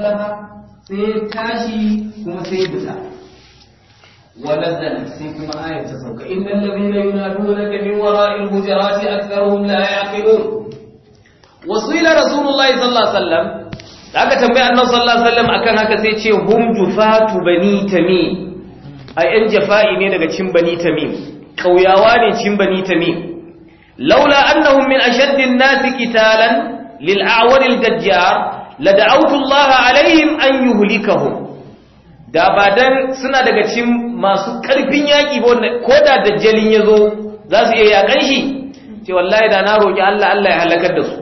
maslaha sai tashi kuma sai fita ونزل sai kuma ayar ta sauka innal ladhina yunadunaka min wara'il hujurati aktharuhum la yaqilun wasila rasulullahi sallallahu alaihi wasallam aka tambaye annabi sallallahu alaihi wasallam akan haka sai ce hum jufatu bani tamim ai an jafa'i ne daga cin bani tamim kauyawa ne cin bani tamim laula annahum min ashaddi an-nasi qitalan lil a'war la da'awtu alaihim an yuhlikahum da ba dan suna daga cikin masu karfin yaki ba ko da dajjalin yazo za su iya yakan shi ce wallahi da na roki Allah Allah ya halakar da su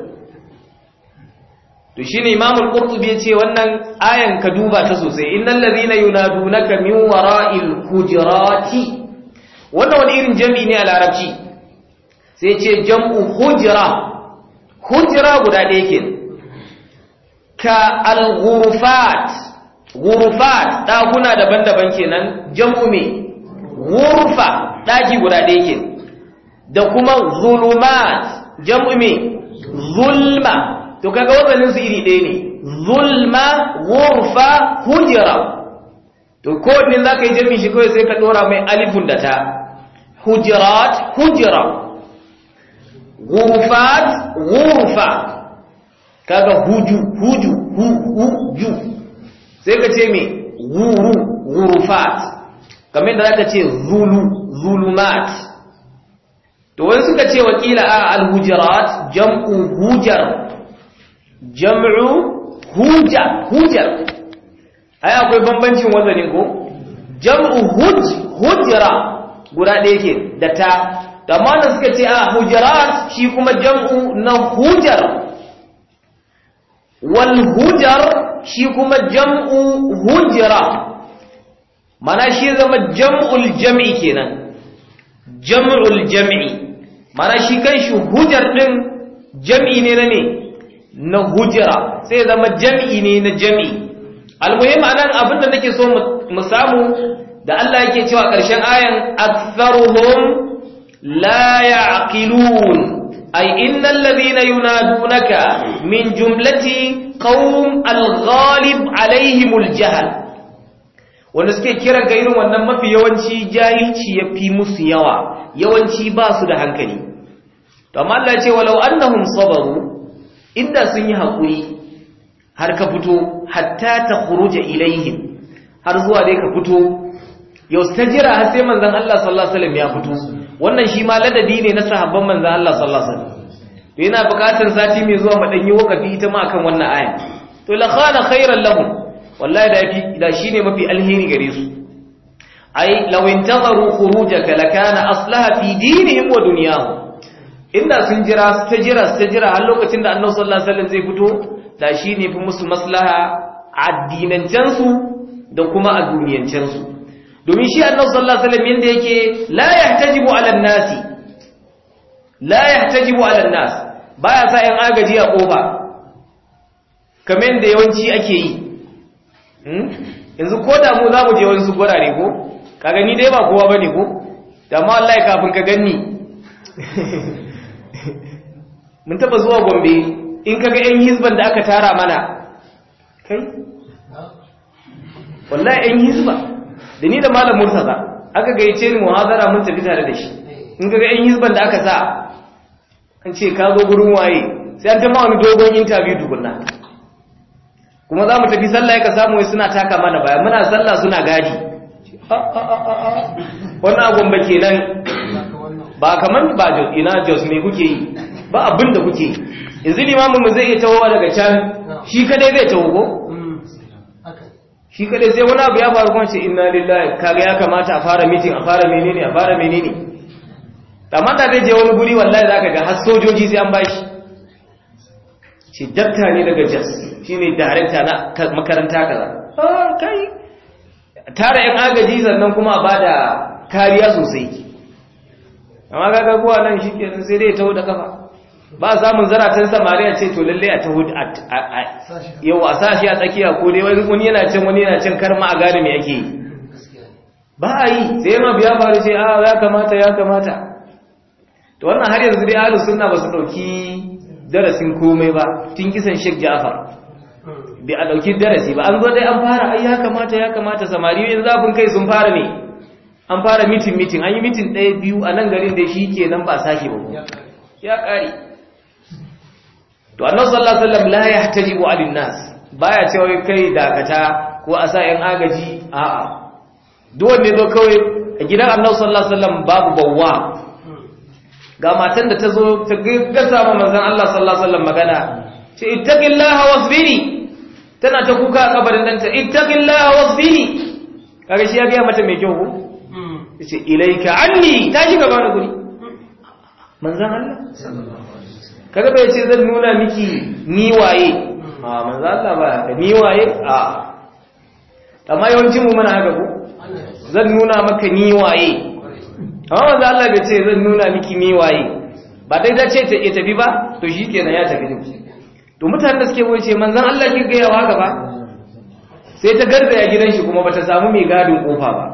to shine Imam al-Qurtubi yace wannan ayan ka duba ta sosai innal ladhina yunadunaka min wara'il hujurati wannan wani irin jami ne a larabci sai ce jam'u hujra hujra guda ɗaya kenan ka al-ghurufat ghurufat daban-daban kenan jam'u me ghurfa daki guda ɗaya yake da kuma zulumat jam'u me zulma to kaga wazanin su iri ɗaya ne zulma ghurfa hujra to ko din zaka yi jam'i shi kawai sai ka dora mai alifun da ta hujrat hujra ghurfat ghurfa kaga huju huju hu huju sai ka ce me wuru wurufat kamar da zaka ce zulu zulumat to wani suka ce wakila a alhujarat jam'u hujar jam'u huja hujar ai akwai bambancin wazani ko jam'u huj hujra guda ɗaya ke da ta amma da suka ce a hujarat shi kuma jam'u na hujar Walhujar shi kuma jam'u hujra mana shi zama jam'ul jam'i kenan jam'ul jam'i mana shi kan kanshi hujar ɗin jam'i ne na ne na hujra sai zama jam'i ne na jam'i almuhim anan abinda nake so mu samu da Allah yake cewa ƙarshen ayan aktharuhum la ya'qilun أي إن الذين ينادونك من جملة قوم الغالب عليهم الجهل wanda suke kiran ka irin wannan mafi yawanci jahilci ya fi musu yawa yawanci ba su da hankali to amma Allah ya ce walau annahum sabaru inda sun yi haƙuri har ka fito hatta ta khuruja ilaihim har zuwa dai ka fito yau ta jira har sai manzon Allah sallallahu alaihi wasallam ya fito wannan shi ma ladadi ne na sahabban manzo Allah sallallahu alaihi wasallam to yana bukatun sati mai zuwa yi wakafi ita ma akan wannan aya to la khana khairan wallahi da fi da shine mafi alheri gare su ai law intazaru khurujaka lakana aslaha fi dinihim wa dunyahum inda sun jira ta jira ta jira har lokacin da Annabi sallallahu alaihi wasallam zai fito da shine fi musu maslaha a addinancensu da kuma a duniyancensu domin shi annabi sallallahu alaihi wasallam yanda yake la yahtajibu ala nasi la yahtajibu ala nas baya sa yan agaji a koba kamar da yawanci ake yi hmm? yanzu ko da mu za mu je wani su gurare ko kaga ni dai ba kowa bane ko da ma wallahi kafin ka ganni mun taba zuwa Gombe in kaga yan hizban da aka tara mana kai wallahi yan hizba da ni da malam murtaza aka gayyace ni muhazara mun tafi tare da shi in ga yan hisban da aka sa an ce ka zo gurin waye sai an jama wani dogon interview tukunna kuma za mu tafi sallah ya ka samu wai suna taka mana baya muna sallah suna gadi wannan abun ba kenan ba kaman ba ina jos ne kuke yi ba abin kuke yi yanzu limamin mu zai iya tawowa daga can shi kadai zai tawo ko shi kada sai wani abu ya faru kuma ce inna lillahi kaga ya kamata a fara meeting a fara menene a fara menene amma da zai je wani guri wallahi zaka ga har sojoji sai an bashi shi dakta ne daga jas shine director na makaranta kaza ah kai tara yan agaji sannan kuma a bada kariya sosai amma kaga kuwa nan shi ke sai dai tawo da kafa ba samun zaratan samariya ce to lalle a ta hudu a yau a sashi a tsakiya ko dai wani yana cin wani yana cin karma a gane me yake yi ba a yi sai ma biya faru ce a ya kamata ya kamata to wannan har yanzu dai alu sunna ba su dauki darasin komai ba tun kisan Sheikh Ja'far bai a dauki darasi ba an zo dai an fara ai ya kamata ya kamata samari yanzu zafin kai sun fara ne an fara mitin mitin an yi mitin ɗaya biyu a nan garin da shi ke nan ba sashi ba ya ƙare to annabi sallallahu alaihi wasallam la yahtajibu alin nas baya cewa kai dakata ko a sa yan agaji a a duk wanda zo kai a gidan annabi sallallahu alaihi wasallam babu bawwa ga matan da tazo ta gasa ma manzon Allah sallallahu alaihi wasallam magana ce ittaqillaha wasbiri tana ta kuka a kabarin ta ittaqillaha wasbiri kaga shi ya biya mata mai kyau ko hmm. ce ilaika anni ta shiga ba da guri manzon Allah sallallahu alaihi wasallam kada bai ce zan nuna miki ni waye a manzo Allah ba haka ni waye a amma yawancin mu muna haka ko zan nuna maka ni waye amma manzo Allah bai ce zan nuna miki ni waye ba dai da ce ya tafi ba to shi kenan ya tafi din to mutanen da suke boye ce manzo Allah ki gaya haka ba sai ta ya gidan shi kuma bata samu mai gadin kofa ba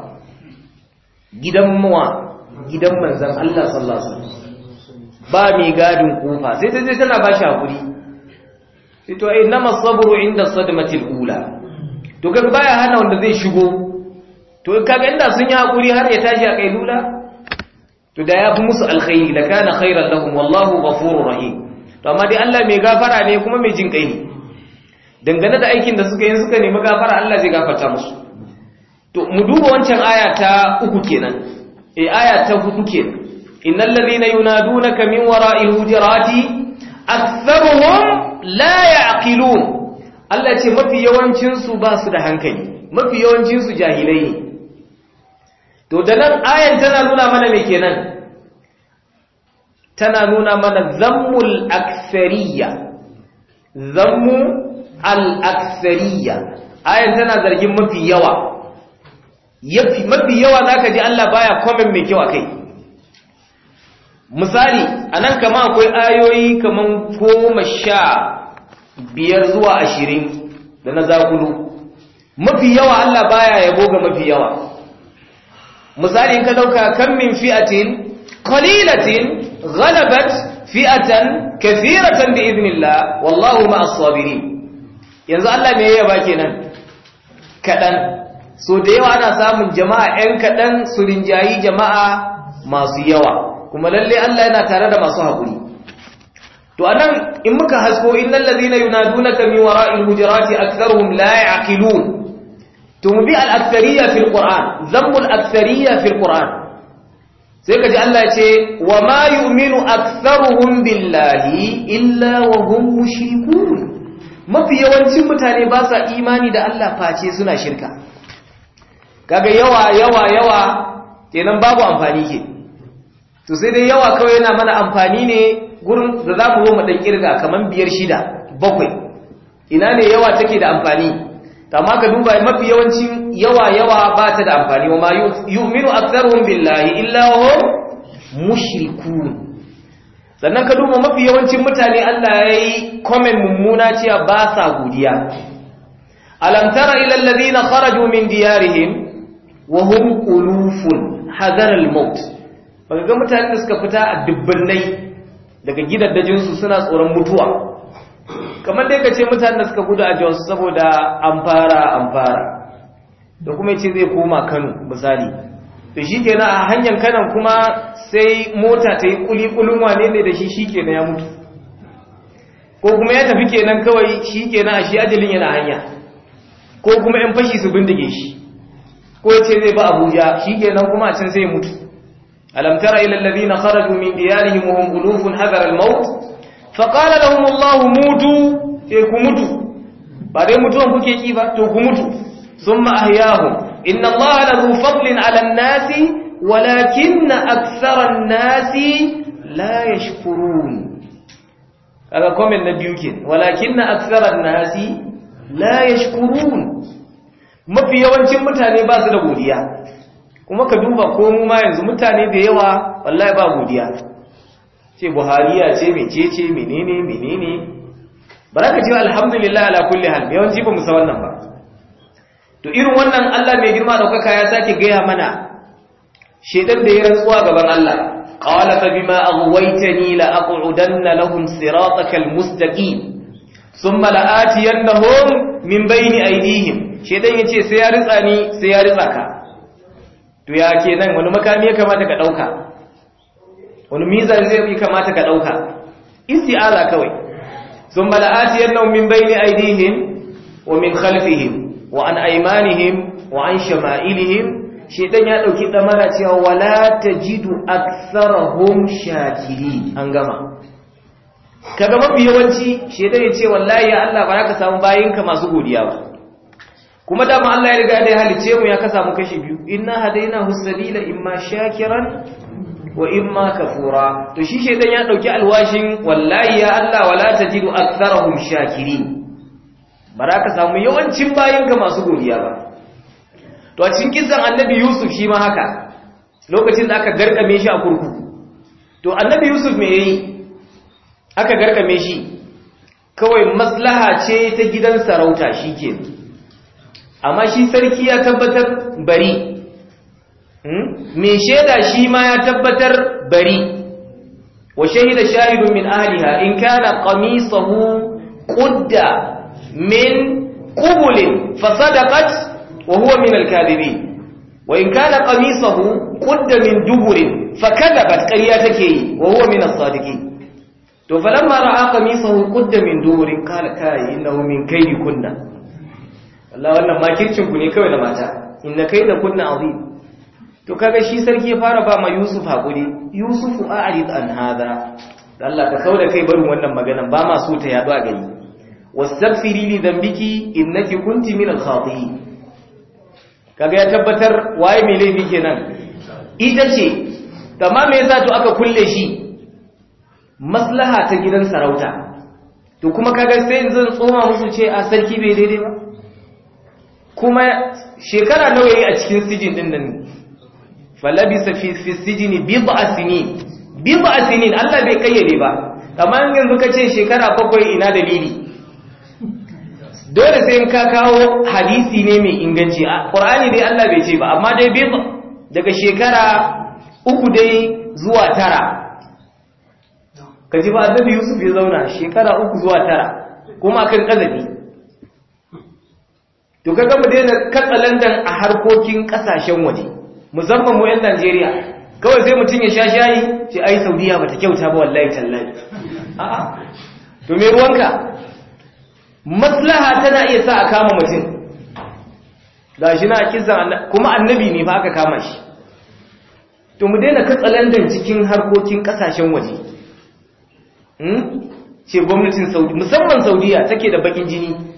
gidan muwa gidan manzon Allah sallallahu alaihi wasallam ba mai gadin kufa sai ta je tana ba shi hakuri sai to eh, inna sabru inda sadmatil ula to kan baya hana wanda zai shigo to kaga inda sun yi hakuri har ya tashi a kai lula to da ya fi musu alkhairi da kana khairan lahum wallahu ghafurur rahim to amma dai Allah mai gafara ne kuma mai jinkai ne dangane da aikin da suka yi suka nemi gafara Allah zai gafarta musu to mu duba wancan aya ta uku kenan eh aya ta hudu kenan innal ladhina yunadunaka min wara'i hujurati aktharuhum la ya'qilun Allah ce mafi yawancinsu su ba su da hankali mafi yawancinsu jahilai ne to da nan ayan tana nuna mana mai kenan tana nuna mana zammul aksariya zammu al-aksariya ayan tana zargin mafi yawa mafi yawa zaka ji Allah baya comment mai kyau a kai. misali a nan kama akwai ayoyi kaman goma sha biyar zuwa ashirin da na zagulu. mafi yawa Allah baya yabo ga mafi yawa misali ka dauka kan min fi'atin qalilatin ghalabat fi'atan kathiratan bi idnillah wallahu ma'as sabirin yanzu Allah ya yaba kenan kadan so da yawa ana samun jama'a 'yan kaɗan su rinjayi jama'a masu yawa kuma lalle Allah yana tare da masu haƙuri to anan in muka hasko innal ladina yunadunaka min wara'il hujurati aktharuhum la yaqilun to mu bi al akthariyya fil qur'an zammu al akthariyya fil qur'an sai kaji Allah ya ce wa ma yu'minu aktharuhum billahi illa wa hum mushrikun mafi yawancin mutane ba sa imani da Allah face suna shirka kaga yawa yawa yawa kenan babu amfani ke to sai dai yawa kawai yana mana amfani ne gurin da za mu zo ɗan ƙirga kamar biyar shida bakwai ina ne yawa take da amfani amma ka duba mafi yawancin yawa yawa ba ta da amfani wa ma yu'minu aktharuhum billahi illa hum mushrikun sannan ka duba mafi yawancin mutane Allah ya yi comment mummuna cewa ba sa godiya alam tara na fara kharaju min diyarihim wa hum ulufun hadar al baka ga mutane da suka fita a dubbannai daga gidaddajinsu suna tsoron mutuwa kamar dai ka ce mutane da suka gudu a jos saboda an fara an fara da kuma ce zai koma kano misali da shi kenan a hanyar kanan kuma sai mota ta yi kulikulun wane ne da shi shi kenan ya mutu ko kuma ya tafi kenan kawai shi kenan a shi ajalin yana hanya ko kuma 'yan fashi su bindige shi ko ya ce zai ba abuja shi kenan kuma a can sai ya mutu ألم تر إلى الذين خرجوا من ديارهم وهم ألوف حذر الموت فقال لهم الله موتوا يكمتوا إيه، بعدين موتوا كوكي كيف تكمتوا ثم أحياهم إن الله لذو فضل على الناس ولكن أكثر الناس لا يشكرون هذا كومن نبيوكين ولكن أكثر الناس لا يشكرون ما في mutane ba باسل da kuma ka duba ko mu ma yanzu mutane da yawa wallahi ba godiya ce buhariya ce mecece menene menene ba za alhamdulillah ala kulli hal yawanci ba mu sa wannan ba to irin wannan Allah mai girma daukaka ya sake gaya mana shedan da ya rantsuwa gaban Allah qala fa bima aghwaytani la aq'udanna lahum siratakal mustaqim thumma la atiyannahum min bayni aydihim shedan yace sai ya ritsa ni sai ya ritsa ka to ya ke nan wani makami ya kamata ka ɗauka wani mizan zai yi kamata ka ɗauka ala kawai sun bala atiyar nan min bayni aidihim wa min khalfihim wa an aimanihim wa an shama'ilihim shaitan ya ɗauki ɗamara cewa wala ta tajidu aktsarahum shakiri an gama kaga mafi yawanci shaitan ya ce wallahi Allah ba za ka samu bayinka masu godiya ba kuma dama Allah ya riga da ya halice mu ya kasa mu kashi biyu inna hadaina husabila imma shakiran wa imma kafura to shi shedan ya dauki alwashin wallahi ya Allah wala tajidu aktharahum shakirin ka samu yawancin ka masu godiya ba to a cikin kisan annabi Yusuf shi ma haka lokacin da aka garkame shi a kurkuku to annabi Yusuf me yayi aka garkame shi kawai maslaha ce ta gidan sarauta shikenan amma shi sarki ya tabbatar bari mai hmm? shaida shi ma ya tabbatar bari wa shahida shahidun min ahliha in kana qamisahu qudda min qubulin fa sadaqat wa huwa min al-kadhibin wa in kana qamisahu qudda min duburin fa kadhabat qariya take yi wa huwa min as-sadiqin to falamma ra'a qamisahu qudda min duburin qala kai innahu min kaydi kunna Allah wannan makircin ku ne kawai da mata inna da kunna azim to kaga shi sarki ya fara ba ma Yusuf hakuri Yusufu a'rid an hada Allah ka kauda kai barin wannan maganan ba ma so ta yado a gari wastaghfiri li dhanbiki innaki kunti min al kaga ya tabbatar waye mai laifi kenan ita ce amma me yasa to aka kulle shi maslaha ta gidan sarauta to kuma kaga sai yanzu tsoma musu ce a sarki bai daidai ba kuma shekara nawa yayi a cikin sijin din nan falabisa fi fi sijini bid'a sinin bid'a sinin Allah bai kayyade ba kamar yanzu kace shekara bakwai ina dalili dole sai in ka kawo hadisi ne mai inganci Qur'ani dai Allah bai ce ba amma dai bid'a daga shekara uku dai zuwa tara kaji ba annabi Yusuf ya zauna shekara uku zuwa tara kuma kan kazabi to kaga mu daina katsalandan a harkokin kasashen waje musamman mu yan Najeriya kawai sai mutun ya sha shayi sai ai Saudiya bata kyauta ba wallahi tallahi a'a to me ruwanka maslaha tana iya sa a kama mutum gashi na kisan kuma annabi ne fa aka kama shi to mu daina katsalandan cikin harkokin kasashen waje ce hmm? gwamnatin Saudi musamman Saudiya take da bakin jini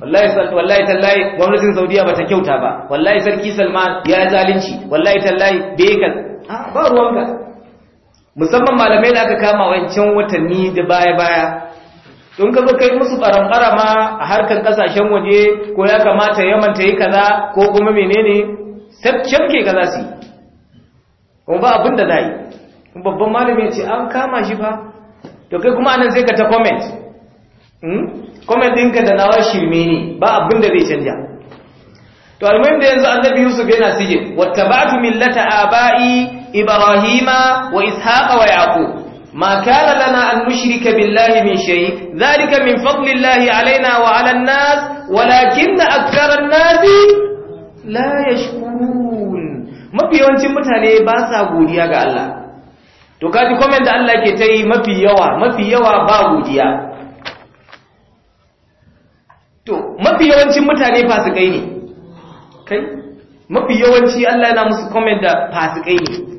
wallahi wallahi tallahi gwamnatin Saudiya bata kyauta ba wallahi sarki Salman ya zalunci wallahi tallahi bai ka ba ruwanka musamman malamai da aka kama wancan watanni da baya baya don ka zo kai musu barambara ma a harkar kasashen waje ko ya kamata Yaman ta yi kaza ko kuma menene ke kaza su kuma ba abin da za yi babban malami ce an kama shi fa to kai kuma anan sai ka ta comment hmm? comment ɗinka da nawa shirme ne ba abin da zai canja to almuhim da yanzu annabi yusuf yana sije wattaba'tu millata aba'i ibrahima wa ishaqa wa yaqub ma kana lana an nushrika billahi min shay zalika min fadlillahi alaina wa ala an-nas walakinna akthara la yashkurun mafi yawancin mutane ba sa godiya ga Allah to kaji comment da Allah ke ta mafi yawa mafi yawa ba godiya to mafi yawancin mutane fasikai ne kai mafi yawanci Allah yana musu comment da fasikai ne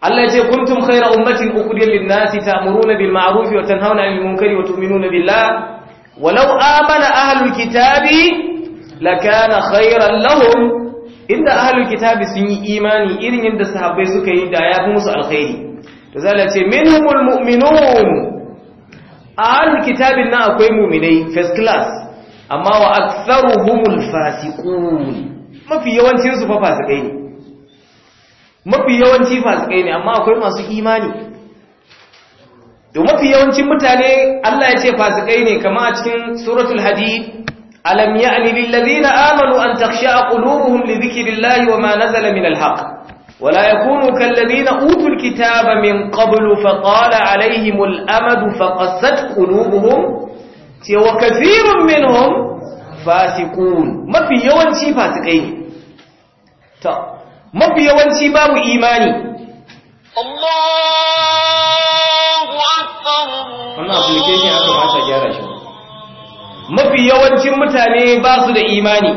Allah ya ce kuntum khayra ummatin ukhrijat lin-nasi ta'muruna bil ma'ruf wa tanhauna 'anil munkari wa tu'minuna billah walau amana ahlul kitabi lakana khayran lahum inda ahlul kitabi sun yi imani irin yadda sahabbai suka yi da ya fi musu alkhairi to zalla ce minhumul mu'minun ahlul kitabin na akwai mu'minai first class amma wa aktharuhumul fasiqun mafi yawancin su fa fasikai ne mafi yawanci fasikai ne amma akwai masu imani to mafi yawancin mutane Allah ya ce fasikai ne kama a cikin suratul hadid alam ya'ni lil ladina amanu an takhsha'a qulubuhum li dhikrillahi wama nazala minal kan ولا يكونوا كالذين min الكتاب من قبل فقال عليهم fa فقست قلوبهم ce wa kafirun minhum Fasikun. mafi yawanci fasikai ne mafi yawanci babu imani Allahu akbar wannan application aka fasa gyara shi mafi yawancin mutane ba su da imani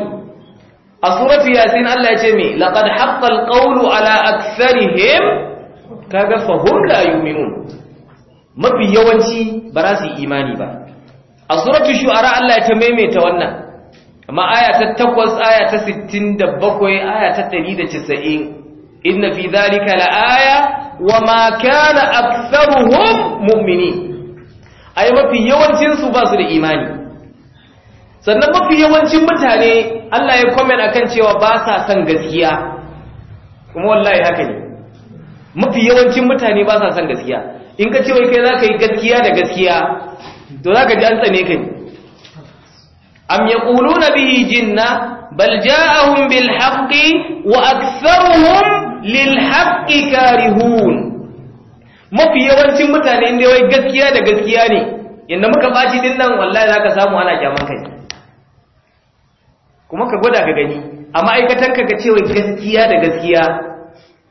a suratu yasin Allah ya ce me laqad haqqal qawlu ala aktharihim kaga fahum la yu'minun mafi yawanci ba za su imani ba a suratun shu'ara Allah ya ta maimaita wannan amma aya ta 8 aya ta 67 aya ta 190 inna fi aya laaya ma kana aktharuhum mu'mini ai mafi yawancin su ba su da imani sannan mafi yawancin mutane Allah ya comment akan cewa ba sa son gaskiya kuma wallahi haka ne mafi yawancin mutane ba sa son gaskiya in ka ce wai kai za ka yi gaskiya da gaskiya to za ka ji an tsane kai am ya ƙulu na bihi jinna bal ja'ahum bil haqqi wa aktharuhum lil haqqi karihun mafi yawancin mutane inda wai gaskiya da gaskiya ne inda muka baci dinnan nan wallahi zaka samu ana kyaman kai kuma ka gwada ka gani a ma'aikatan ka ce wai gaskiya da gaskiya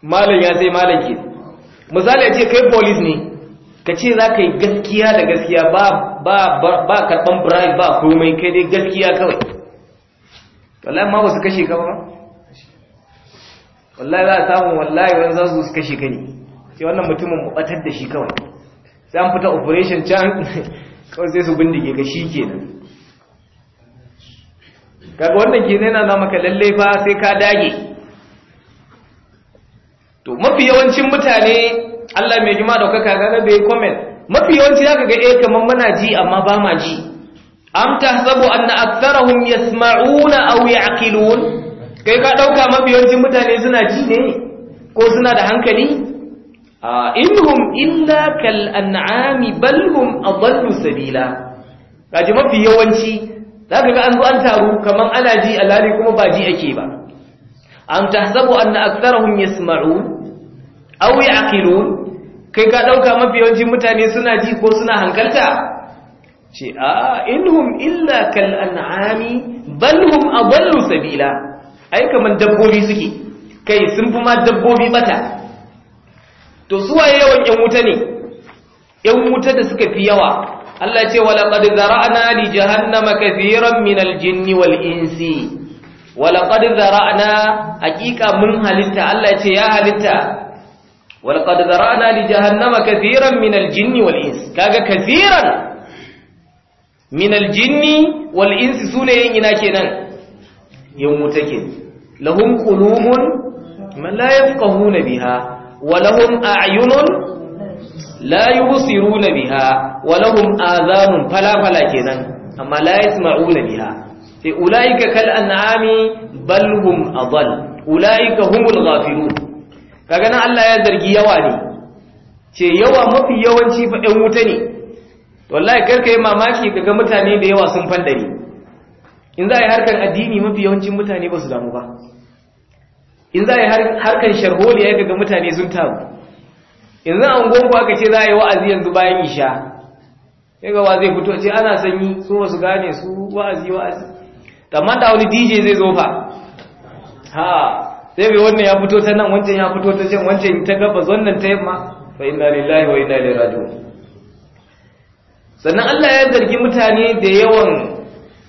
malam ya sai malam ke misali ya ce kai police ne ka ce za ka yi gaskiya da gaskiya ba karɓan bribe ba komai kai dai gaskiya kawai wallahi ma wasu kashe ka ba wallahi za a samu wallahi wani za su kashe ka ne ce wannan mutumin ɓatar da shi kawai sai an fita operation can kawai sai su bindige ga shi ke nan kaga wannan ke nena na maka lallai fa sai ka dage to mafi yawancin mutane Allah mai jima daukaka kaga bai komen mafi yawanci zaka ga eh kaman muna ji amma ba ma ji am tahsabu anna aktharahum yasma'una aw ya'qilun kai ka dauka mafi yawanci mutane suna ji ne ko suna da hankali innahum illa kal an'ami bal hum adallu sabila kaji mafi yawanci zaka ga an zo an taru kaman ana ji Ladi kuma ba ji ake ba am tahsabu anna aktharahum yasma'un awi aqilun kai ka dauka mafi yawanci mutane suna ji ko suna hankalta ce a inhum illa kal an'ami bal hum adallu sabila ai kaman dabbobi suke kai sun fi ma dabbobi bata to su waye yawan yan wuta ne yan wuta da suka fi yawa Allah ce wala qad zara'na li jahannama kathiran min al jinni wal insi wala qad zara'na haqiqa mun halitta Allah ce ya halitta walqad zara'na li jahannama kathiran min al-jinni wal ins kaga kathiran min al wal ins sune yin ina kenan yan wuta ke lahum qulubun man la yafqahuna biha wa lahum a'yunun la yubsiruna biha wa lahum adhanun fala fala kenan amma la yasma'una biha sai ulaika kal an'ami bal hum adall ulaika humul ghafilun kaga nan Allah ya zargi yawa ne ce yawa mafi yawanci fa ɗan wuta ne wallahi karka yi mamaki kaga mutane da yawa sun fandare in za a yi harkar addini mafi yawancin mutane ba su damu ba in za a yi harkar sharholiya kaga mutane sun taru in za a gongo aka ce za a yi wa'azi yanzu bayan isha yaga wa zai fito ce ana sanyi su wasu gane su wa'azi wa'azi amma da wani dj zai zo fa ha sai ga wannan ya fito ta nan wancan ya fito ta can wancan ta gabas wannan ta yamma fa inna lillahi wa inna ilaihi raji'un sannan Allah ya zargi mutane da yawan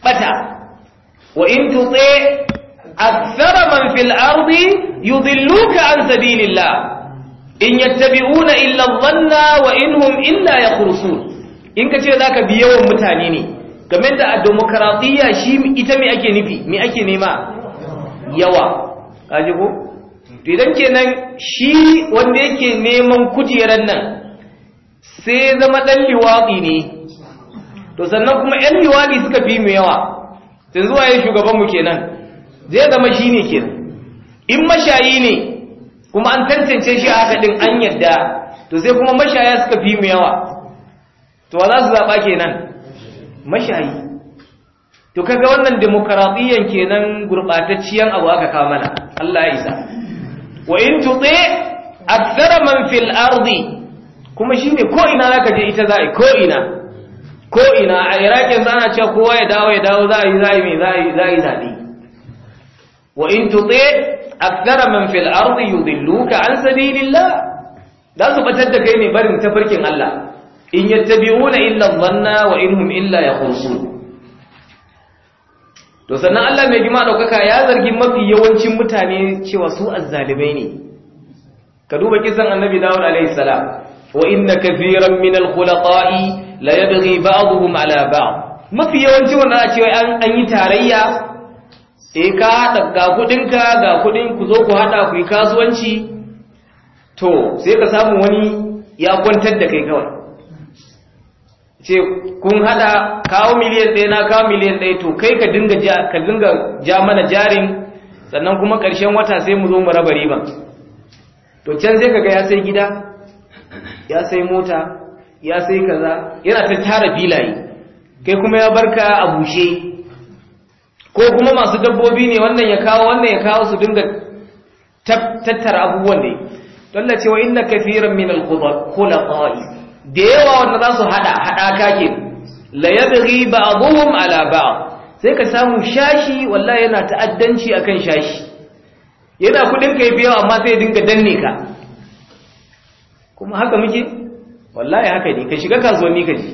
bata wa in tuti akthara man fil ardi yudilluka an sabilillah in yattabi'una illa dhanna wa inhum illa yakhrusun in ka kace zaka bi yawan mutane ne game da a demokradiyya shi ita me ake nufi me ake nema yawa kaji ko to idan kenan shi wanda yake neman kujerar nan sai zama dan liwatsi ne to sannan kuma yan liwatsi suka fi mu yawa yanzu zuwa shugaban mu kenan zai zama shi ne kenan in mashayi ne kuma an tantance shi a haka din an yadda to sai kuma mashaya suka fi mu yawa to wa za su zaba kenan mashayi to kaga wannan demokradiyyan kenan gurbatacciyan abu aka kawo mana Allah ya isa wa in tuti akthara man fil ardi kuma shine ko ina zaka je ita za'i ko ina ko ina a Iraq yanzu ana cewa kowa ya dawo ya dawo za'i za'i mai za'i za'i zabi wa in tuti akthara man fil ardi yudilluka an sabilillah da su batar da kai ne barin tafarkin Allah in yattabi'una illa dhanna wa inhum illa yakhrusun to sannan Allah mai gima daukaka ya zargi mafi yawancin mutane cewa su azzalimai ne ka duba kisan annabi Dawud alaihi salam wa inna kathiran min al-khulaqa'i la yabghi ba'dhum ala ba'd mafi yawanci wannan cewa an an yi tarayya Sai eh, ka haɗa ga kudin ka ga kudin ku zo ku haɗa ku yi kasuwanci to sai ka samu wani ya kwantar da kai kawai ce kun hada kawo miliyan ɗaya na kawo miliyan ɗaya to kai ka dinga ja ka dinga ja mana jarin sannan kuma ƙarshen wata sai mu zo mu raba riban to can sai kaga ya sai gida ya sai mota ya sai kaza yana ta tara filaye kai kuma ya barka a bushe ko kuma masu dabbobi ne wannan ya kawo wannan ya kawo su dinga tattara abubuwan ne don na cewa inna kafiran min al-khulaqa'i da yawa wanda za su haɗa haɗaka ke la yabghi a ala ba'd sai ka samu shashi wallahi yana ta'addanci akan shashi yana kudin kai biyo amma sai dinga danne ka kuma haka muke ya haka ne ka shiga kasuwanni ka ji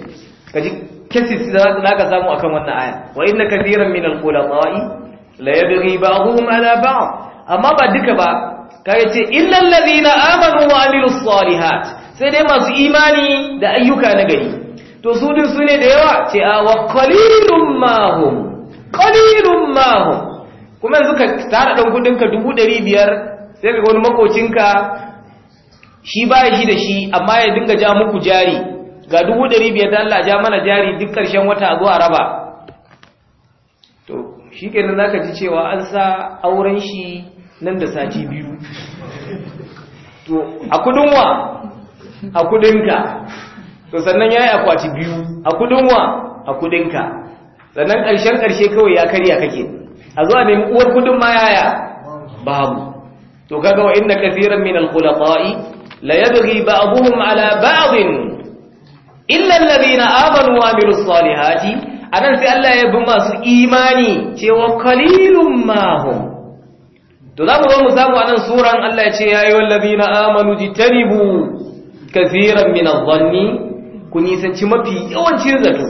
ka ji cases za ka samu akan wannan aya wa inna kathiran min alkola qulatai la yabghi a ala ba'd amma ba duka ba ka yi ce illal ladina amanu wa amilus salihat sai dai masu imani da ayyuka na gari to su din su ne da yawa ce a wa qalilum mahu hum mahu kuma yanzu ka tara dan dubu ɗari 500 sai ka ga wani makocinka shi ba shi da shi amma ya dinga ja muku jari ga 500 da Allah ja mana jari duk karshen wata a zo a raba to shikenan zaka ji cewa an sa auren shi nan da sati biyu to a kudin a kudinka to sannan ya yi akwati biyu a kudinwa a kudinka sannan ƙarshen ƙarshe kawai ya karya kake a zuwa ne uwar kudin ma yaya babu to kaga wa inna kathiran min al-khulata'i la yabghi ba'dhum 'ala ba'dhin illa alladhina amanu wa amilus salihati anan sai Allah ya bi masu imani cewa qalilum ma hum to za mu zo mu samu anan suran Allah ya ce ya yi amanu jitanibu kafiran min adh-dhanni ku nisanci mafi yawancin zato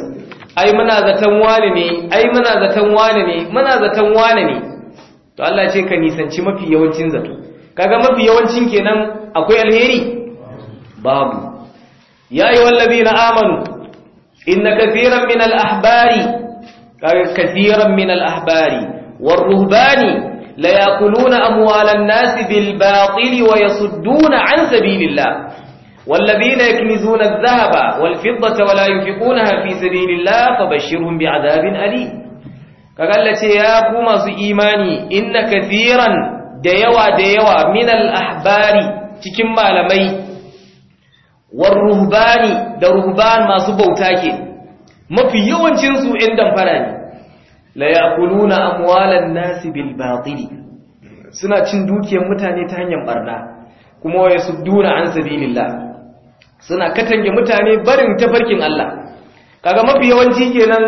ai muna zaton wani ne ai muna zaton wani ne muna zaton wani ne to Allah ce ka nisanci mafi yawancin zato kaga mafi yawancin kenan akwai alheri babu ya ayyuhal ladina amanu inna kafiran min al-ahbari kaga kafiran min al-ahbari war-ruhbani la yaquluna amwalan nasi bil batil wa yasudduna an sabilillah والذين يكنزون الذهب والفضة ولا ينفقونها في سبيل الله فبشرهم بعذاب أليم yaku masu imani إيماني إن da yawa ديوا mina ahbari cikin malamai war ruhbani da ruhban masu bauta ke mafi yawancin su ɗan damfara ne la yaquluna amwalan nasi bil batil suna cin dukiyar mutane ta hanyar barna kuma duna an sabilillah suna katange mutane barin tafarkin Allah kaga mafi yawanci kenan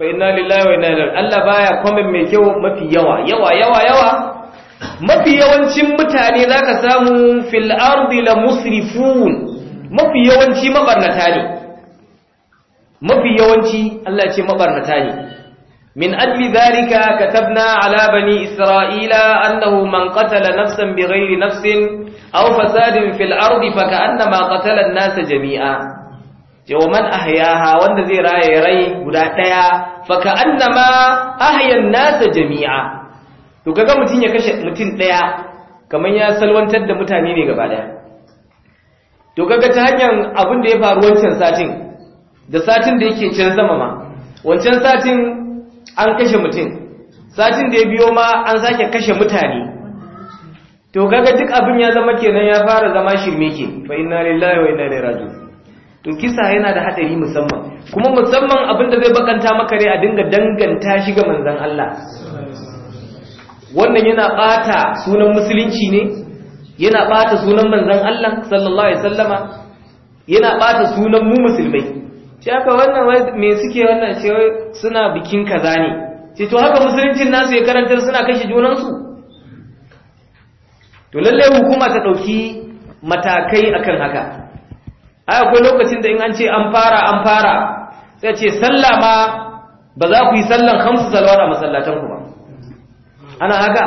fa inna lillahi wa inna ilaihi Allah baya komen mai kyau mafi yawa yawa yawa yawa mafi yawancin mutane zaka samu fil ardi la musrifun mafi yawanci mabarnata ne mafi yawanci Allah ce mabarnata ne min ajli dhalika katabna ala bani isra'ila annahu man qatala nafsan bighairi nafsin aw fasadin fil ardi fa ka'annama qatala an-nasa jami'a wa man ahyaha wanda zai raye rai guda daya fa ka'annama ahya an-nasa jami'a to kaga mutun ya kashe mutun daya kaman ya salwantar da mutane ne gaba daya to kaga ta hanyar abin da ya faru wancan satin da satin da yake can sama ma wancan satin an kashe mutum satin da ya biyo ma an sake kashe mutane to kaga duk abin ya zama kenan ya fara zama shirme ke fa inna lillahi wa inna ilaihi raji'un to kisa yana da hadari musamman kuma musamman abin da zai bakanta maka rai a dinga danganta shi ga manzon Allah wannan yana bata sunan musulunci ne yana bata sunan manzon Allah sallallahu alaihi wasallama yana bata sunan mu musulmai shi aka wannan me suke wannan cewa suna bikin kaza ne to haka musuluncin nasu ya karantar suna kashe junansu to lalle hukuma ta ɗauki matakai akan haka ai akwai lokacin da in an ce an fara an fara sai ce sallah ma ba za ku yi sallan khamsu salawat a masallatan ku ba ana haka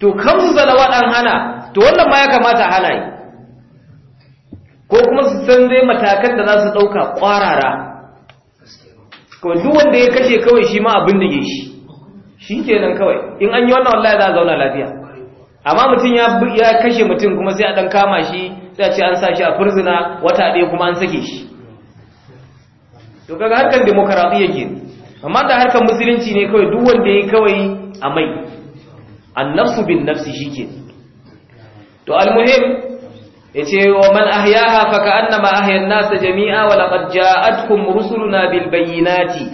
to khamsu salawat an hana to wannan ma ya kamata a hana yi ko kuma su san dai matakan da za su ɗauka kwarara? ko duk wanda ya kashe kawai shi ma abin da ke shi shi kenan kawai in an yi wannan wallahi za a zauna lafiya amma mutum ya kashe mutum kuma sai a ɗan kama shi sai ce an sa shi a furzina wata ɗaya kuma an sake shi to kaga harkar demokaradiyya ke amma da harkar musulunci ne kawai duk wanda ya kawai a mai annafsu bin nafsi shike to almuhim ce wa man ahyaha fa an ahya an nasa jami'a wa laqad ja'atkum rusuluna bil bayyinati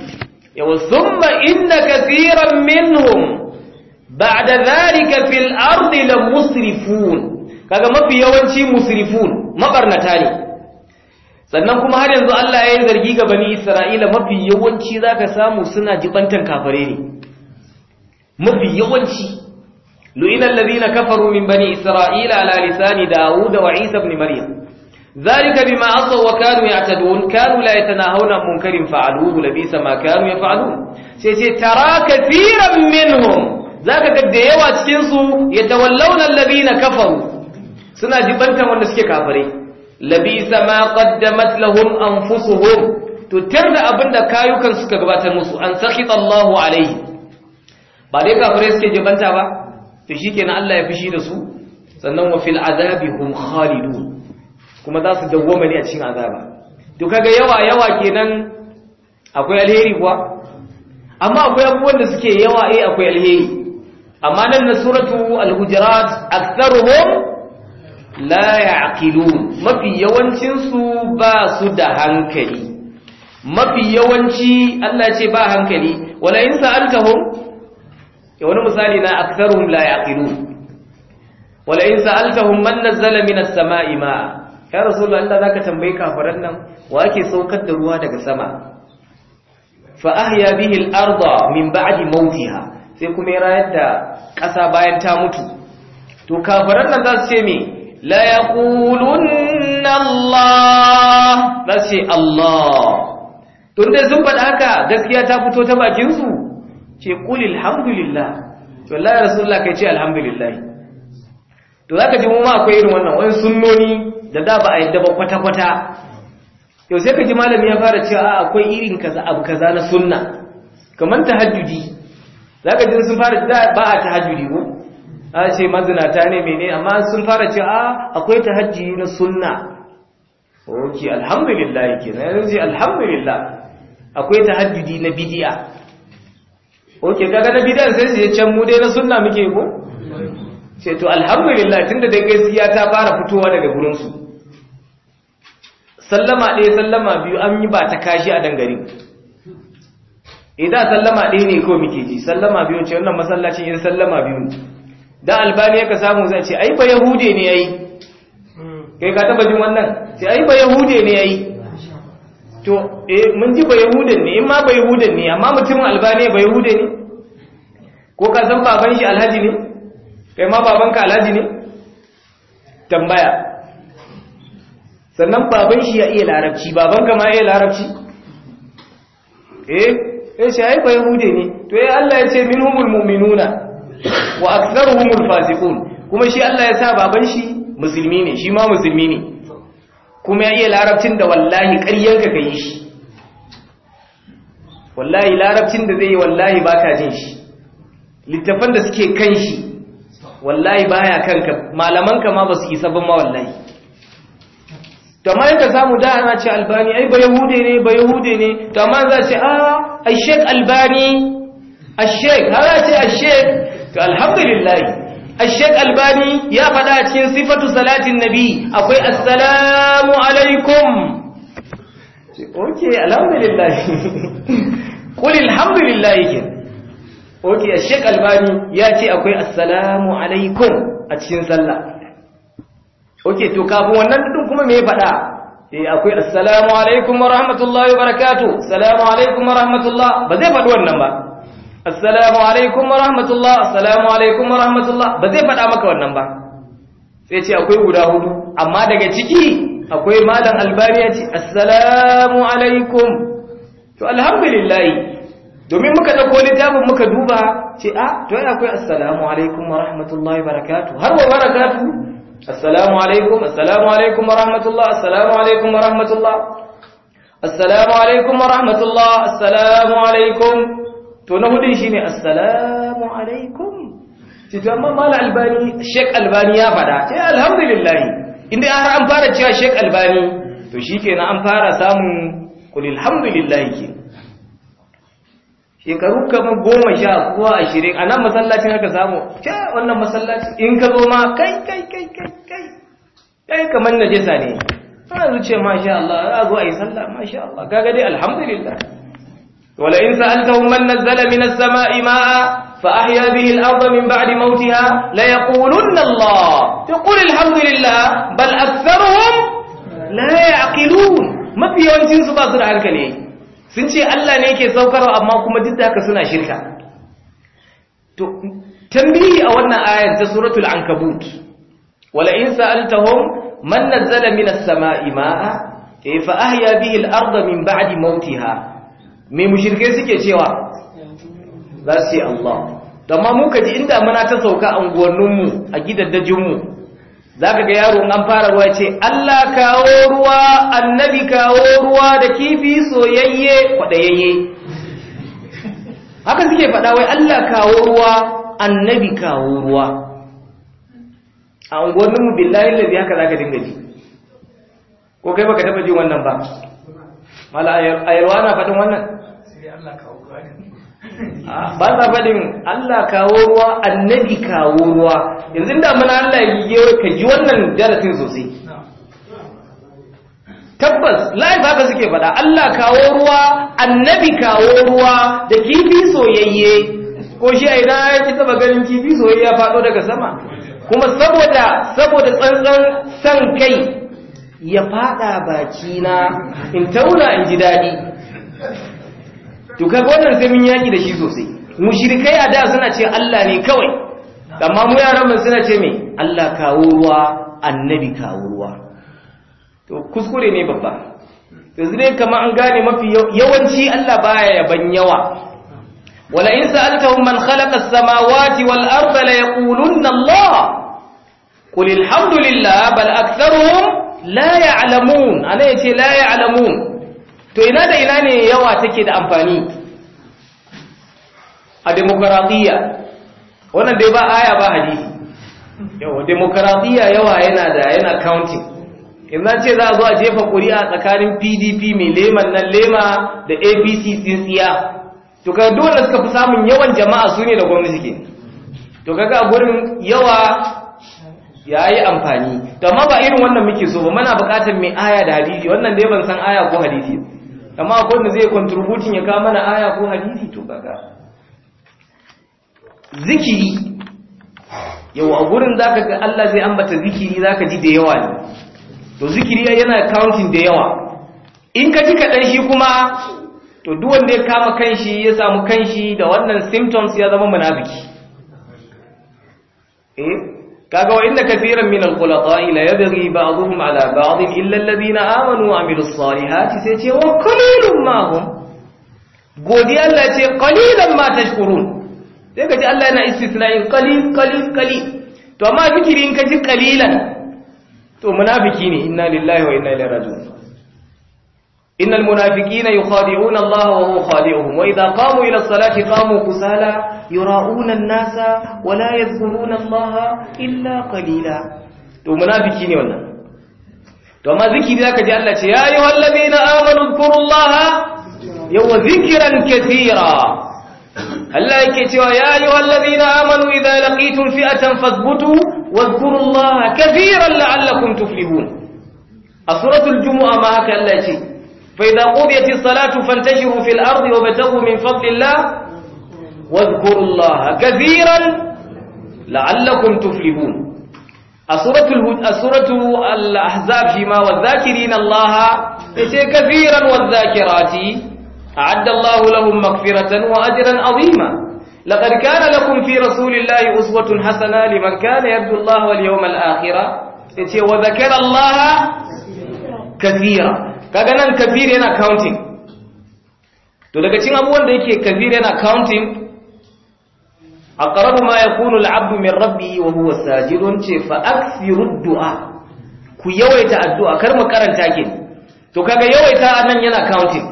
sun thumma inna kasiran minhum ba'da dhalika fil ardi la musrifun kaga mafi yawanci musrifun mabarnata ne sannan kuma har yanzu Allah ya yi zargi ga bani Isra'ila mafi yawanci zaka samu suna jibantan kafare ne mafi yawanci lu'ina alladhina kafaru min bani Isra'ila ala lisani Dawud wa Isa ibn Maryam ذلك بما عصوا وكانوا يعتدون كانوا لا يتناهون عن منكر فعلوه لبئس ما كانوا يفعلون سيترى كثيرا منهم za ka ga yawa cikinsu ya tawallaunan labi na kafaru suna jibantan wanda suke kafare. labi sama ƙaddamat lahun an fusuhun to tar da abin da kayukan suka gabatar musu an sakit tsallahu alaihi ba dai kafare suke jibanta ba to shi kenan Allah ya fushi da su sannan wa fil azabi hum khalidun kuma za su dawwama ne a cikin azaba to kaga yawa yawa kenan akwai alheri kuwa amma akwai abubuwan da suke yawa eh akwai alheri amma nan na suratu al-hujurat aktharuhum la ya'qilun mafi yawancin su ba su da hankali mafi yawanci Allah ce ba hankali wala in sa'altahum ya wani misali na aktharuhum la ya'qilun wala in sa'altahum man nazzala minas sama'i ma ya rasulullah Allah zaka tambaye kafiran nan wa ake saukar da ruwa daga sama fa ahya bihi al-arda min ba'di mawtiha sai kuma ya rayar da ƙasa bayan ta mutu to kafaran nan za su ce me la yaqulunna Allah za su ce Allah to dai sun faɗa haka gaskiya ta fito ta bakinsu, su ce qulil alhamdulillah to wallahi rasulullah kai ce alhamdulillah to zaka ji mu ma akwai irin wannan wani sunnoni da da ba a yadda ba kwata kwata yau sai ka ji malami ya fara cewa akwai irin kaza abu kaza na sunna kamar tahajjudi za ka jini sun fara ba a tahajjudi ko a ce mazinata ne mene amma sun fara ce a ah, akwai hajji na sunna ok alhamdulillah ke na yanzu alhamdulillah akwai tahajjudi na bidiya ok kaga na bidiya sai su can mu dai na sunna muke ko ce to alhamdulillah tun da dai gaskiya ta fara fitowa daga gurinsu sallama ɗaya sallama biyu an yi ba ta kashi a dangarin idan eh, sallama ɗaya ne ko muke ji sallama biyu ce wannan masallacin in sallama biyu ne da albani ya ka samu zai ce ai ba yahude ne yayi kai ka taba jin wannan ce ai ba yahude ne yayi to eh mun ji ba yahudan ne in ma ba yahudan ne amma mutumin albani ba yahude ne ko ka san baban shi alhaji ne kai ma babanka alhaji ne tambaya sannan baban shi ya iya larabci babanka ma ya iya larabci eh ya shi ai bai hude ne to ya Allah ya ce minhumul mu'minuna wa aktharuhumul fasiqun kuma shi Allah ya sa baban shi musulmi ne shi ma musulmi ne kuma ya iya larabcin da wallahi ƙaryanka ka yi shi wallahi larabcin da zai yi wallahi ba ka jin shi littafan da suke kan shi wallahi baya kanka malamanka ma ba su yi sabon ma wallahi to amma yanka samu da ana ce albani ai ba yahude ne ba yahude ne to amma za ce a الشيخ الباني الشيخ هذا الشيخ الحمد لله الشيخ الباني يا فداتين صفة صلاة النبي أخي السلام عليكم أوكي الحمد لله قل الحمد لله أوكي الشيخ الباني ياتي أخي السلام عليكم أتشين صلاة أوكي تكافو ونندن كما ميفدا Sai eh, akwai assalamu alaikum wa rahmatullahi wa barakatuh assalamu alaikum wa rahmatullah ba zai faɗi wannan ba assalamu alaikum wa rahmatullah assalamu alaikum wa rahmatullah ba zai faɗa maka wannan ba sai ce akwai guda hudu amma daga ciki akwai malam albani ya ce assalamu alaikum to alhamdulillah domin muka dauko littafin muka duba ce a ah, to ya akwai assalamu alaikum wa rahmatullahi barakatu har wa barakatu assalamu alaikum assalamu alaikum wa rahmatullah assalamu alaikum wa rahmatullah assalamu alaikum wa rahmatullah assalamu alaikum to na hudun shine assalamu alaikum ce to amma mal albani albani ya fada ce eh, alhamdulillah inda har an fara cewa sheik albani to kenan an fara samun kulil shekaru kamar goma sha kuwa ashirin a nan masallacin haka samu sha wannan masallacin in ka zo ma kai kai kai kai kai kamar na jesa ne ana zuce masha Allah za a zo a yi sallah masha Allah kaga dai alhamdulillah wala in sa'altahum man nazzala min as-sama'i ma'a fa ahya bihi al-ardha min ba'di mawtiha la yaqulunna Allah taqul alhamdulillah bal aktharuhum la yaqilun mafi yawancin su ba su da hankali sun ce Allah ne yake saukarwa amma kuma duk da haka suna shirka to tambihi a wannan ayar ta suratul ankabut wala in sa'altahum man nazzala minas sama'i ma'a fa ahya bihi al-ardha min ba'di mawtiha me mushrike suke cewa za su yi Allah to amma muka ji inda muna ta sauka unguwanninmu a dajinmu. za ka ga yaro an fara ruwa ce Allah kawo ruwa annabi kawo ruwa da kifi soyayye kwadayayye haka suke faɗa wai Allah kawo ruwa annabi kawo ruwa a unguwanninmu billahi labi haka za ka dinga ji ko kai baka taɓa ji wannan ba mala ayarwa na faɗin wannan sai Allah kawo ruwa Ah, ba za faɗin Allah kawo ruwa annabi kawo ruwa yanzu da muna Allah yi ka ji wannan darasin sosai tabbas live haka suke faɗa Allah kawo ruwa annabi kawo ruwa da kifi soyayye ko shi a idan ya ci taba ganin kifi soyayya faɗo daga sama kuma saboda saboda tsantsan san kai ya faɗa bacina, in tauna in ji daɗi to kaga wannan sai mun yaki da shi sosai mushrikai a da suna ce Allah ne kawai amma mu yaran mun suna ce me Allah kawo ruwa annabi kawo ruwa to kuskure ne babba yanzu dai kamar an gane mafi yawanci Allah baya yaban yawa wala in sa'altahum man khalaqa as-samawati wal arda la yaqulunna Allah qul alhamdulillah bal aktharuhum la ya'lamun ana yace la ya'lamun to ina da ina ne yawa take da amfani a demokaratiyya wannan dai ba aya ba hadisi yawa demokaratiyya yawa yana da yana counting in za ce za a zo a jefa ƙuri'a tsakanin pdp mai leman nan lema da apc tsintsiya to ka dole suka fi samun yawan jama'a su ne da gwamnati ke to kaga a gurin yawa ya yi amfani to amma ba irin wannan muke so ba muna buƙatar mai aya da hadisi wannan dai ban san aya ko hadisi ba. amma akwai wanda zai contributing ya kawo mana aya ko hadisi to kaga zikiri yau a gurin zaka ga Allah zai ambata zikiri zaka ji da yawa ne to zikiri yana counting da yawa in ka ji kaɗan shi kuma to duk wanda ya kama kanshi ya samu kanshi da wannan symptoms ya zama munafiki eh kaga wa inna kaseeran min al-khulata'i la yabghi ba'dhum 'ala ba'dhin illa alladhina amanu wa 'amilus salihati sai ce wa qalilun ma hum Godi Allah ce qalilan ma tashkurun sai kaji Allah yana istisna'in qalil qalil qalil to amma fikirin kaji qalilan to munafiki ne inna lillahi wa inna ilaihi raji'un إن المنافقين يخادعون الله وهو خادعهم وإذا قاموا إلى الصلاة قاموا kusala. يراؤون الناس ولا يذكرون الله إلا قليلا تو منافقين والله تو ما ذكري ذاك جل الله يا أيها الذين آمنوا اذكروا الله يوم ذكرا كثيرا الله يكتوى يا أيها الذين آمنوا إذا لقيتم فئة فاثبتوا واذكروا الله كثيرا لعلكم تفلحون أسرة الجمعة معك التي فإذا قضيت الصلاة فانتشروا في الأرض وبتغوا من فضل الله واذكروا الله كثيرا لعلكم تفلحون السورة الهد السورة الأحزاب فيما والذاكرين الله كثيرا والذاكرات أعد الله لهم مغفرة وأجرا عظيما لقد كان لكم في رسول الله أسوة حسنة لمن كان يرجو الله واليوم الآخرة وذكر الله كثيرا kaga nan kafir yana counting to daga cikin abubuwan da yake kafir yana counting A aqrabu ma yakunu al-'abdu min rabbi wa huwa sajidun ce fa akthiru du'a ku yawaita addu'a kar mu karanta ke to kaga yawaita anan yana counting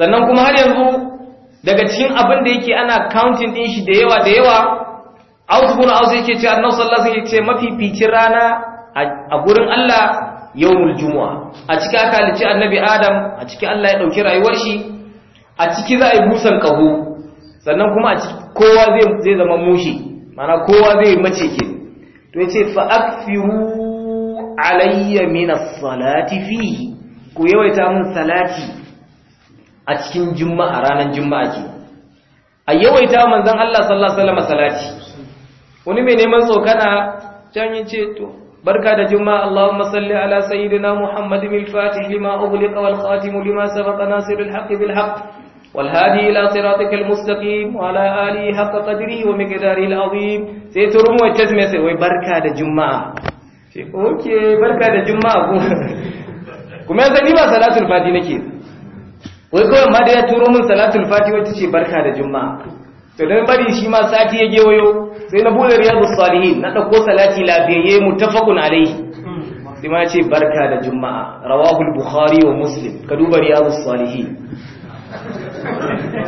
sannan kuma har yanzu daga cikin abin da yake ana counting din shi da yawa da yawa ausbun auzu yake ce annabi sallallahu alaihi wasallam yake ce mafificin rana a gurin Allah yawmul jumu'a a cikin aka annabi adam a cikin Allah ya dauki rayuwar shi a ciki za a yi busan kaho sannan kuma a kowa zai zama mushi mana kowa zai yi mace ke to yace fa akfiru alayya mina salati fi ku yawaita min salati a cikin a ranar jimma ke a yawaita zan Allah sallallahu salati wani mai neman tsokana can ce to barka da juma'a Allah masalli ala sayyidina Muhammadu al-fatih lima ughliqa wal khatim lima nasirul haqqi bil والهادي إلى صراطك المستقيم وعلى آله حق قدره ومقداره العظيم سيترم وتزمس وبركة الجمعة أوكي بركة الجمعة kuma ya zani ba salatul fati nake wai kawai ma da ya turo min salatul fati wacce ce barka da juma'a to dan bari shi ma sati ya wayo, sai na bude riyadus salihin na dauko salati lafiyayye muttafaqun alaihi sai ma ce barka da juma'a rawahu al-bukhari wa muslim ka duba riyadus salihin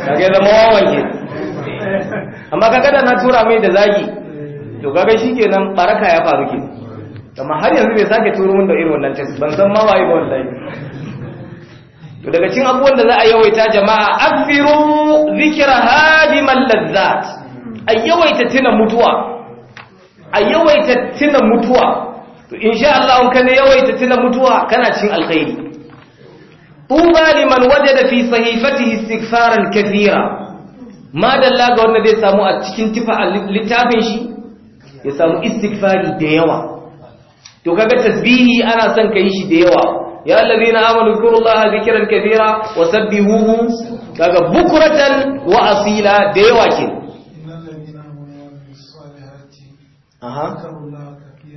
kaga zama wawan ke amma kaga da na tura mai da zagi to kaga shikenan baraka ya faru ke amma har yanzu bai sake turo min da irin wannan test ban san ma waye ba wallahi to daga cikin abubuwan da za a yawaita jama'a afiru zikra hadimal lazzat a yawaita tuna mutuwa a yawaita tuna mutuwa to insha Allah in kana yawaita tuna mutuwa kana cin alkhairi طوبى لمن وجد في صحيفته استغفارا كثيرا ما دللا ga wanda zai samu a cikin tifa littafin shi ya samu istighfari da yawa to kaga tasbihi ana son ka yi shi da yawa ya allazina amanu zkurullaha zikran kathira wa sabbihuhu kaga bukratan wa asila da yawa ke aha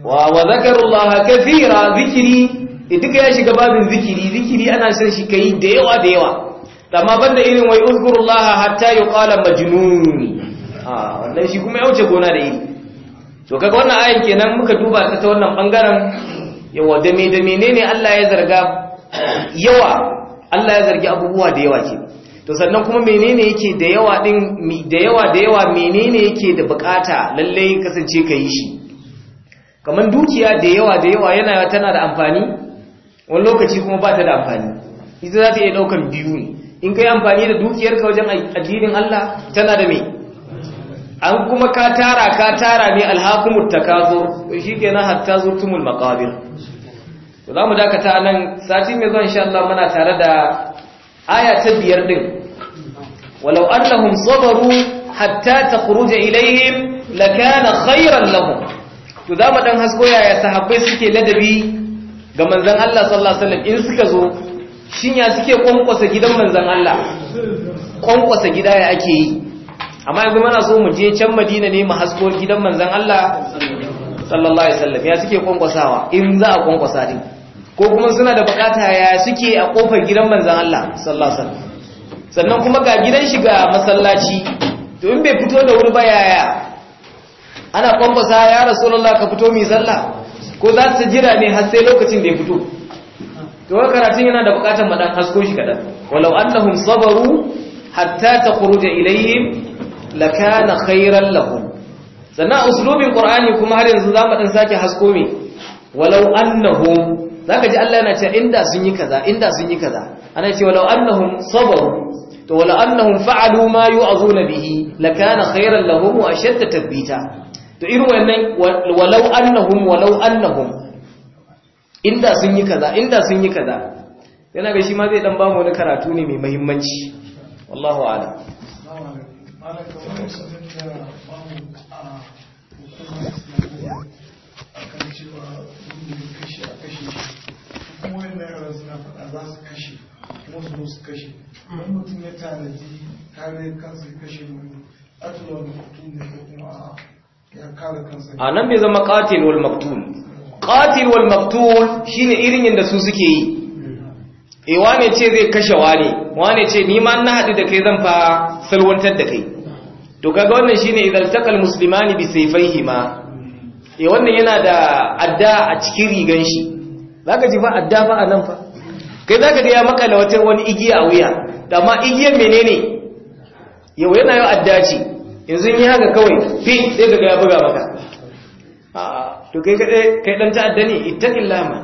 wa wa zakarullaha kathira zikri to eh, duka ya shiga babin zikiri zikiri ana son shi kai da yawa da yawa amma banda irin wai uzkurullah hatta yuqala majnun ah wannan shi kuma ya wuce gona da yi. to kaga wannan ayan kenan muka duba ta ta wannan bangaren yawa da me da menene Allah ya zarga yawa Allah ya zargi abubuwa da yawa ke to sannan kuma menene yake da yawa din da yawa da yawa menene yake da bukata lalle kasance kai shi kaman dukiya da yawa da yawa yana tana da amfani wani lokaci kuma ba ta da amfani ita za ta iya ɗaukan biyu ne in kai amfani da dukiyarka wajen addinin Allah tana da mai an kuma ka tara ka tara ne alhakumut takazo shi kenan hatta zurtumul maqabir to zamu dakata nan sati mai zuwa insha Allah muna tare da aya ta biyar din walau annahum sabaru hatta takhruja ilaihim lakana khayran lahum to zamu dan hasko yaya sahabbai suke ladabi ga manzan Allah sallallahu alaihi wasallam in suka zo shinya suke kwankwasa gidan manzan Allah kwankwasa gida ya ake yi amma yanzu mana so mu je can Madina ne mu hasko gidan manzan Allah sallallahu alaihi wasallam ya suke kwankwasawa in za a kwankwasa din ko kuma suna da bukata ya suke a kofar gidan manzan Allah sallallahu alaihi wasallam sannan kuma ga gidan shi ga masallaci to in bai fito da wuri ba yaya ana kwankwasa ya rasulullah ka fito mi sallah ko za su jira ne har sai lokacin da ya fito to wani karatun yana da bukatar madan hasko shi kadan walau annahum sabaru hatta takhruja ilayhim lakana khayran lahum sannan uslubin qur'ani kuma har yanzu zamu dan sake hasko me walau annahum zaka ji Allah yana cewa inda sun yi kaza inda sun yi kaza ana cewa walau annahum sabaru to walau annahum fa'alu ma yu'azuna bihi lakana khayran lahum wa ashadda tabbita to irin wannan walau annahum walau annahum inda sun yi kaza inda sun yi kaza yana ga shi ma zai dan bamu wani karatu ne mai muhimmanci wallahu a'lam wasu su kashe wani mutum ya tanaji kare kansa kashe wani atulon mutum ne ko kuma a a nan bai zama katil wal maktul katil wal maktul shine irin yadda su suke yi e wane ce zai kashe wane wane ce ni ma na haɗu da kai zan fa salwantar da kai to kaga wannan shine idan takal muslimani bi sayfayhima e eh, wannan yana da adda a cikin rigan shi zaka ji fa adda ba a nan fa kai zaka ga ya makala wata wani igiya a wuya amma igiyar menene yau yana yau adda ce yanzu yi haka kawai fi sai daga ya buga maka to kai kai dan ta'adda ne ittaqil illama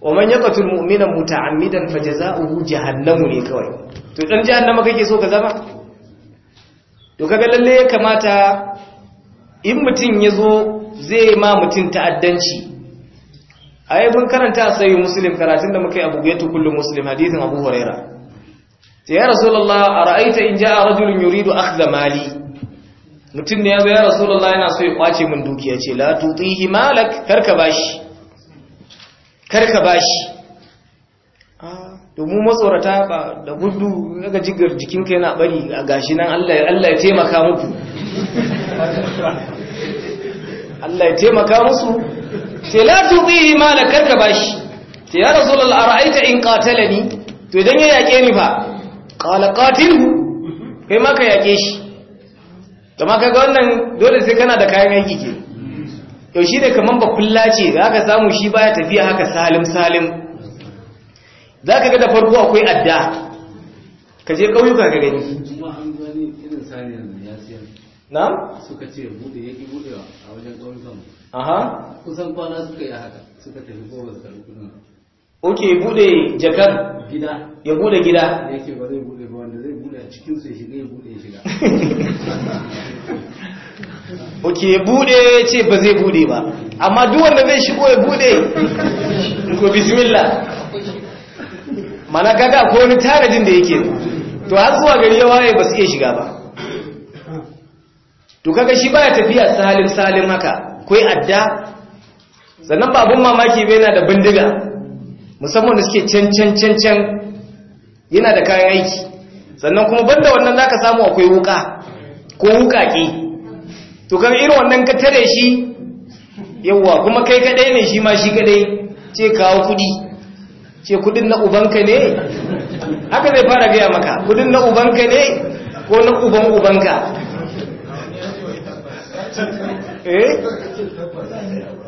wa man yaqtul mu'mina muta'ammidan fajaza'uhu jahannamu ne kawai to dan jahannama kake so ka zama to kaga lalle ya kamata in mutum ya zo zai ma mutum ta'addanci ai mun karanta sai muslim karatun da muka yi abu yatu kullu muslim hadisin abu huraira ya rasulullah ara'aita in ja'a rajulun yuridu akhdha mali mutum ne ya zo ya rasulullah yana so ya kwace min dukiya ce la tutihi malak karka bashi karka bashi ah, domin matsorata ba da gudu daga jigar jikinka yana bari a gashi nan Allah ya taimaka muku Allah ya taimaka musu ce la tuqihi malak karka bashi ce ya rasulullah ra'aita in katalani to idan ya yake ni fa qala qatilhu kai maka yake shi zama kaga wannan dole sai kana da kayan aiki ke yau shi ne kamar bakulla ce za ka samu shi baya tafiya haka salim-salim za ka ga da farko akwai adda ka je ƙauyuka ka gani na? suka ce bude yake budewa a wajen ƙauyukan aha kusan kwana suka yi haka suka tafi kowa da karkunan ok bude jakar gida ya bude gida yake ba zai bude ba wanda zai cikin sai bude ce ba zai bude ba amma duk wanda zai shigo ya bude ko bismillah mana kaga ko wani tanadin da yake to har zuwa gari ya waye ba su iya shiga ba to kaga shi baya tafiya salim salim haka koi adda sannan ba mamaki ba yana da bindiga musamman da suke can can can can yana da kayan aiki sannan kuma banda wannan zaka samu akwai wuka ko wukake to kan irin wannan ka tare shi yawa kuma kai kadai ne shi ma shi kadai ce kawo kudi ce kudin na ubanka ne haka zai fara gaya maka kudin na ubanka ne ko na uban ubanka eh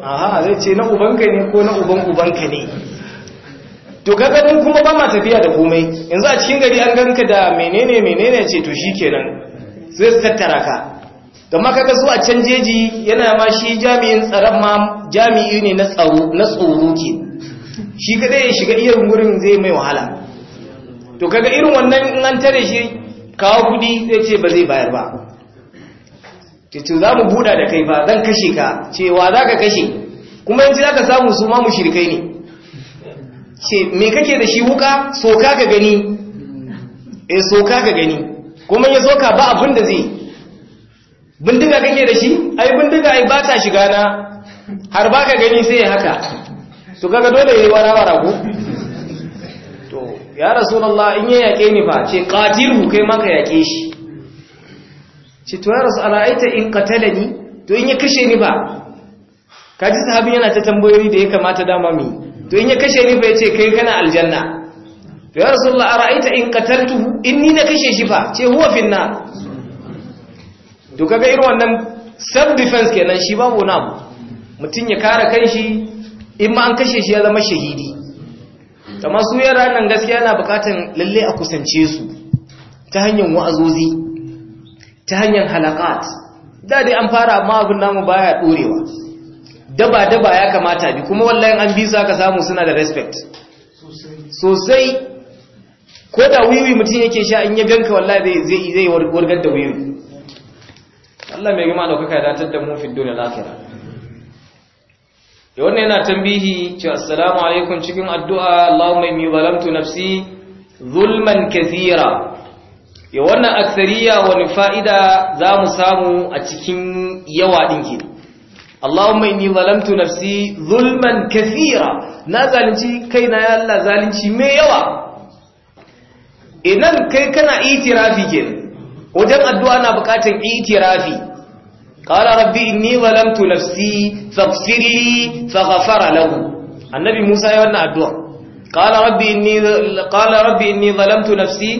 aha zai ce na ubanka ne ko na uban ubanka ne to ga kuma ba ma tafiya da komai yanzu a cikin gari an ganka da menene menene ce to shi kenan sai su tattara ka Gama kaga su a can jeji yana ma shi jami'in tsaron ma jami'i ne na tsaro na tsoro ke shi kada ya shiga iya gurin zai mai wahala to kaga irin wannan in an tare shi kawo kudi zai ce ba zai bayar ba to za mu buɗa da kai ba zan kashe ka cewa za ka kashe kuma yanzu za ka samu su ma mu shirkai ne ce me kake da shi wuka soka ka gani eh soka ka gani kuma ya soka ba abin da zai bindiga kake da shi ai bindiga ai ba ta shiga na har ba ka gani sai haka to kaga dole yayi wara wara ko to ya rasulullah in ya yake ni fa ce qatilu kai maka yake shi ce to ya rasul aita in qatalani to in ya kashe ni ba kaji sahabin yana ta tambayoyi da ya kamata dama mu to in ya kashe ni fa yace kai kana aljanna to ya rasulullah ara'aita in qataltuhu inni na kashe shi fa ce huwa finna to kaga irin wannan self defense kenan shi babu na abu mutum ya kare kanshi in ma an kashe shi ya zama shahidi amma su yara nan gaskiya na bukatan lalle a kusance su ta hanyar wa'azozi ta hanyar halakat da dai an fara amma abin namu baya dorewa daba daba ya kamata bi kuma wallahi an bi su aka samu suna da respect sosai ko da wiwi mutum yake sha in ya ganka wallahi zai zai wargar da wiwi Allah mai gima daukaka ya datar da mu fi duniya lafiya da wannan yana tambihi ce assalamu alaikum cikin addu'a Allahumma inni zalamtu nafsi zulman kathira ya wannan aksariya wani fa'ida zamu samu a cikin yawa ɗinki Allahumma inni zalamtu nafsi zulman kathira na zalunci kaina ya Allah zalunci mai yawa idan kai kana itirafi ke wajen addu'a na bukatar itirafi qala rabbi inni zalamtu nafsi faghfir li faghfara lahu annabi Musa ya wannan addu'a qala rabbi inni qala rabbi inni zalamtu nafsi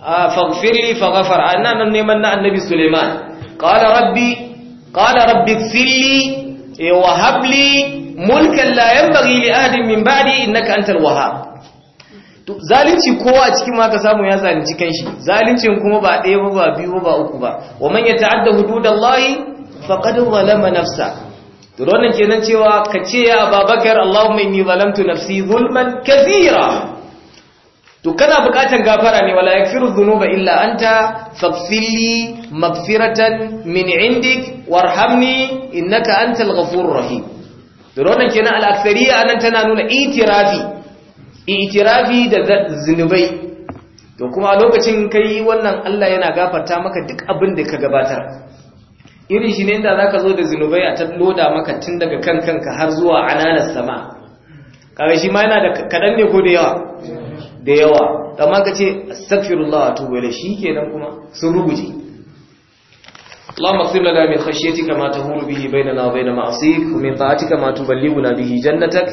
ah, faghfir li faghfara annan neman na annabi Sulaiman qala rabbi qala rabbi silli wa habli mulkan layan yanbaghi li ahadin min ba'di innaka antal wahhab to zalunci kowa a cikin ma samu ya zalunci kanshi zaluncin kuma ba ɗaya ba ba biyu ba uku ba wa man yata'adda hududallahi faqad zalama nafsa to don kenan cewa ka ce ya Ababakar Allahumma inni zalamtu nafsi zulman kathira to kana bukatan gafara ne wala yakfiru dhunuba illa anta faghfirli maghfiratan min indik warhamni innaka antal ghafurur rahim to wannan kenan al aktsariya anan tana nuna itirafi itirafi da zinubai. to kuma a lokacin kai wannan Allah yana gafarta maka duk abin da ka gabatar irin shi ne inda zaka zo da zinubai a loda maka tun daga kan kanka har zuwa ananas sama kaga shi ma yana da kadan ne ko da yawa da yawa amma ka astaghfirullah atubu ilayhi shikenan kuma sun ruguje اللهم اغفر لنا من خشيتك ما تهول به بيننا وبين معصيك ومن طاعتك ما تبلغنا به جنتك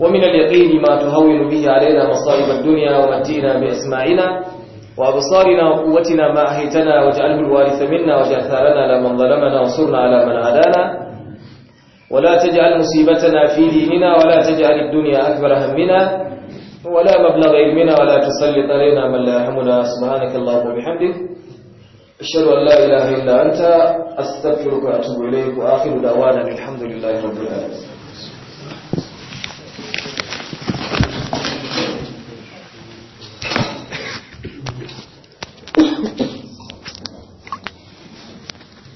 ومن اليقين ما تهون به علينا مصائب الدنيا ومتينا بأسماعنا وأبصارنا وقوتنا ما أهيتنا واجعله الوارث منا واجعل ثارنا لمن ظلمنا وانصرنا على من عادانا ولا تجعل مصيبتنا في ديننا ولا تجعل الدنيا أكبر همنا ولا مبلغ علمنا ولا تسلط علينا من لا يرحمنا سبحانك اللهم وبحمدك أشهد أن لا إله إلا أنت أستغفرك وأتوب إليك وآخر دعوانا الحمد لله رب العالمين